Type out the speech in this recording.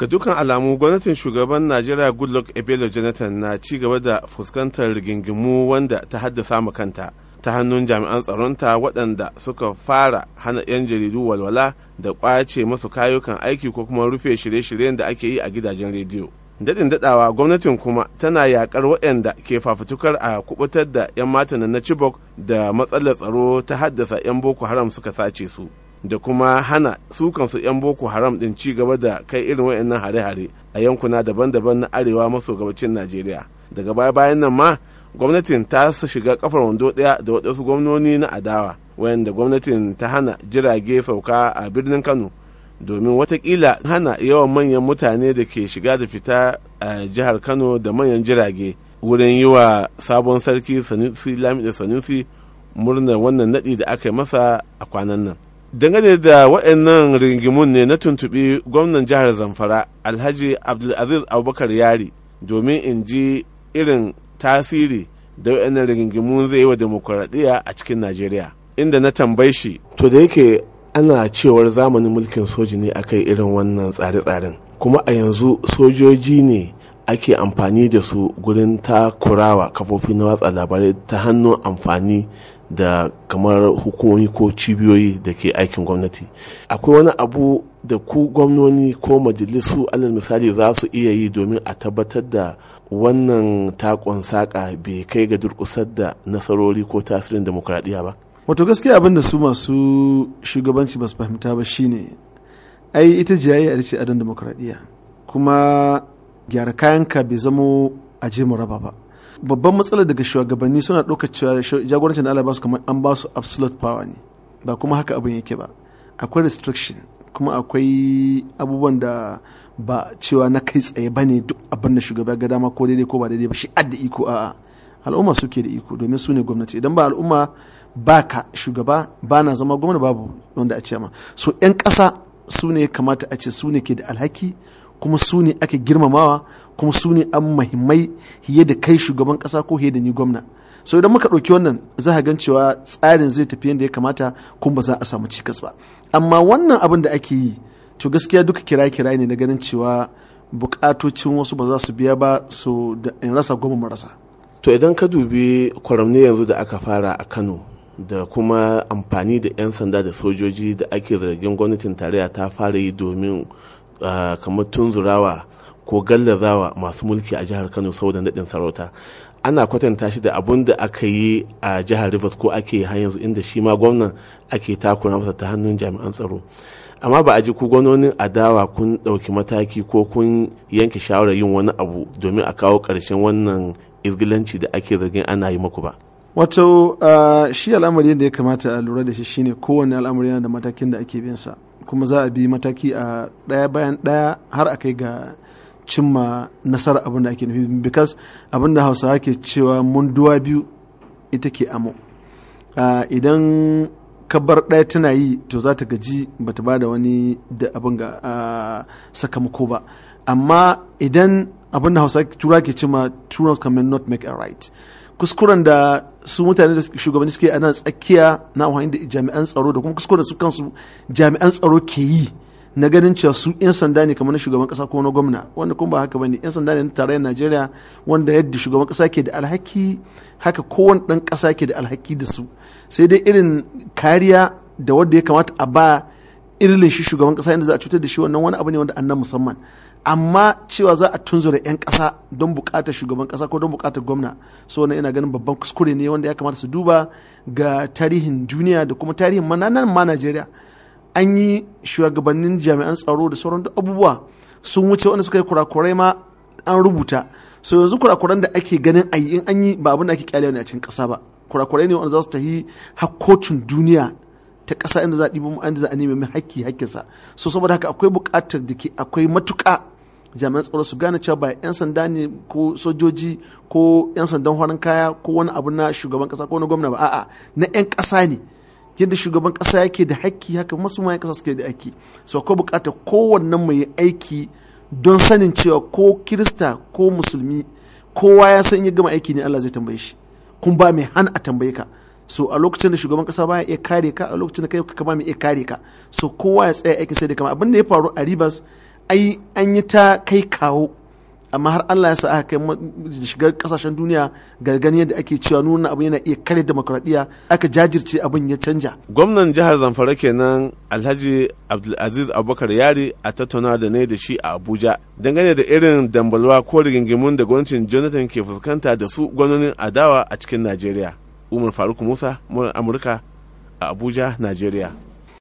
ga dukkan alamu gwamnatin shugaban najeriya goodluck ebelo jonathan na ci gaba da fuskantar rigingimu wanda ta haddasa mu kanta ta hannun jami'an tsaronta waɗanda suka fara hana 'yan jaridu walwala da ƙwace masu kayukan aiki ko kuma rufe shirye-shiryen da ake yi a gidajen rediyo daɗin daɗawa gwamnatin kuma tana yakar waɗanda ke fafutukar a kubutar da 'yan matan na chibok da matsalar tsaro ta haddasa 'yan boko haram suka sace su da kuma hana su kansu 'yan boko haram din ci gaba da kai irin wayannan hare-hare a yankuna daban-daban na arewa maso gabacin najeriya daga baya bayan nan ma gwamnatin ta shiga kafar wando ɗaya da waɗansu gwamnoni na adawa wayanda gwamnatin ta hana jirage sauka a birnin kano domin watakila hana yawan manyan mutane da ke shiga da fita a jihar kano da manyan jirage wurin yi wa sabon sarki sanusi lamida sanusi murnar wannan nadi da aka yi masa a kwanan nan dangane da waɗannan rigimun ne na tuntuɓi gwamnan jihar zamfara alhaji abdulaziz abubakar yari domin in ji irin tasiri da waɗannan rigingimun zai yi wa demokuraɗiyya a cikin najeriya inda na tambaye shi to da yake ana cewar zamanin mulkin soji ne a kai irin wannan tsare-tsaren kuma a yanzu sojoji ne ake amfani da su gurin takurawa kafofi na watsa labarai ta hannun amfani da kamar hukumomi ko cibiyoyi da ke aikin gwamnati akwai wani abu da ku gwamnoni ko majalisu alal misali za su iya yi domin a tabbatar da wannan takon saƙa bai kai ga durƙusar da nasarori ko tasirin demokradiyya ba wato gaskiya abin da su masu shugabanci ba su fahimta ba shine ai ita jiyayya ce adon demokradiyya kuma gyara kayan ka bai zamo aje mu raba ba babban matsalar daga shugabanni suna ɗaukar jagorancin da su kamar an ba su absolute power ne ba kuma haka abin yake ba akwai restriction kuma akwai abubuwan da ba cewa na kai tsaye ba ne duk abin da shugaba ga dama ko daidai ko ba daidai ba shi adda iko a al'umma suke da iko domin su ne gwamnati idan ba al'umma ba ka shugaba ba na zama gwamnati babu wanda a ce ma so 'yan kasa su ne kamata a ce su ne ke da alhaki kuma su ne ake girmamawa kuma su ne an mahimmai hiye da kai shugaban kasa ko hiye da ni gwamna sau idan muka ɗauki wannan za a gan cewa tsarin zai tafi yadda ya kamata kuma ba za a samu cikas ba amma wannan abin da ake yi to gaskiya duka kira-kira ne na ganin cewa bukatocin wasu ba za su biya ba so da in rasa goma mu rasa to idan ka dubi kwaramni yanzu da aka fara a kano da kuma amfani da 'yan sanda da sojoji da ake zargin gwamnatin tarayya ta fara yi domin kamar tunzurawa ko gallazawa masu mulki a jihar kano saboda naɗin sarauta ana kwatanta shi da abun da aka yi a jihar rivers ko ake har yanzu inda shi ma gwamnan ake takura masa ta hannun jami'an tsaro amma ba a ji ku gwamnonin adawa kun ɗauki mataki ko kun yanke shawarar yin wani abu domin a kawo ƙarshen wannan izgilanci da ake zargin ana yi muku ba wato shi al'amari da ya kamata a lura da shi shine kowane al'amari yana da matakin da ake bin sa kuma za a bi mataki a ɗaya bayan ɗaya har a kai ga cimma nasara abin da ake nufi because abin da hausawa ke cewa mun duwa biyu ita ke amo idan kabar ɗaya tana yi to za ta gaji bata ba da wani da abin ga sakamako ba amma idan abin da hausa tura ke cima turan wrongs not make a right kuskuren da su mutane da shugabanni suke a nan tsakiya na amfani da jami'an tsaro da kuma kuskuren da su kansu jami'an tsaro ke yi na ganin cewa su 'yan sanda ne kamar na shugaban kasa ko na gwamna wanda kuma ba haka bane 'yan sanda ne na tarayyar najeriya wanda yadda shugaban kasa ke da alhaki haka kowane dan kasa ke da alhaki da su sai dai irin kariya da wadda ya kamata a ba irin shi shugaban kasa inda za a cutar da shi wannan wani abu ne wanda annan musamman amma cewa za a tunzura 'yan kasa don buƙatar shugaban kasa ko don buƙatar gwamna so na ina ganin babban kuskure ne wanda ya kamata su duba ga tarihin duniya da kuma tarihin mananan ma najeriya an yi shugabannin jami'an tsaro da sauran abubuwa sun wuce wanda suka yi kurakurai ma an rubuta so yanzu kurakuran da ake ganin a yi in an yi ba abin da ake kyale ne a cikin ƙasa ba kurakurai ne wanda za su tafi hakkocin duniya ta ƙasa inda za a ɗibo inda za a nemi hakki haƙƙinsa so saboda haka akwai buƙatar da ke akwai matuƙa jami'an tsaro su gane cewa ba 'yan sanda ne ko sojoji ko 'yan sandan horon kaya ko wani abu na shugaban kasa ko na gwamna ba a'a na 'yan kasa ne yadda shugaban kasa yake da hakki haka masu ma kasa suke da hakki so akwai bukatar kowannen mai aiki don sanin cewa ko kirista ko musulmi kowa ya san ya gama aiki ne Allah zai tambaye shi kun ba mai hana a tambaye ka so a lokacin da shugaban kasa baya iya kare ka a lokacin da kai ba mai iya kare ka so kowa ya tsaya aikin sai da kama abin da ya faru a ribas ai an yi ta kai kawo amma har Allah ya sa aka kai shiga kasashen duniya gargani yadda ake cewa nuna abu yana iya kare demokradiyya aka jajirce abin ya canja. Gwamnan jihar Zamfara kenan Alhaji Abdulaziz Abubakar Yari a tattauna da ne da shi a Abuja dangane da irin dambalwa ko rigingimun da gwamnatin Jonathan ke fuskanta da su gwamnonin adawa a cikin Najeriya. Umar Faruk Musa, Amurka a Abuja, Najeriya.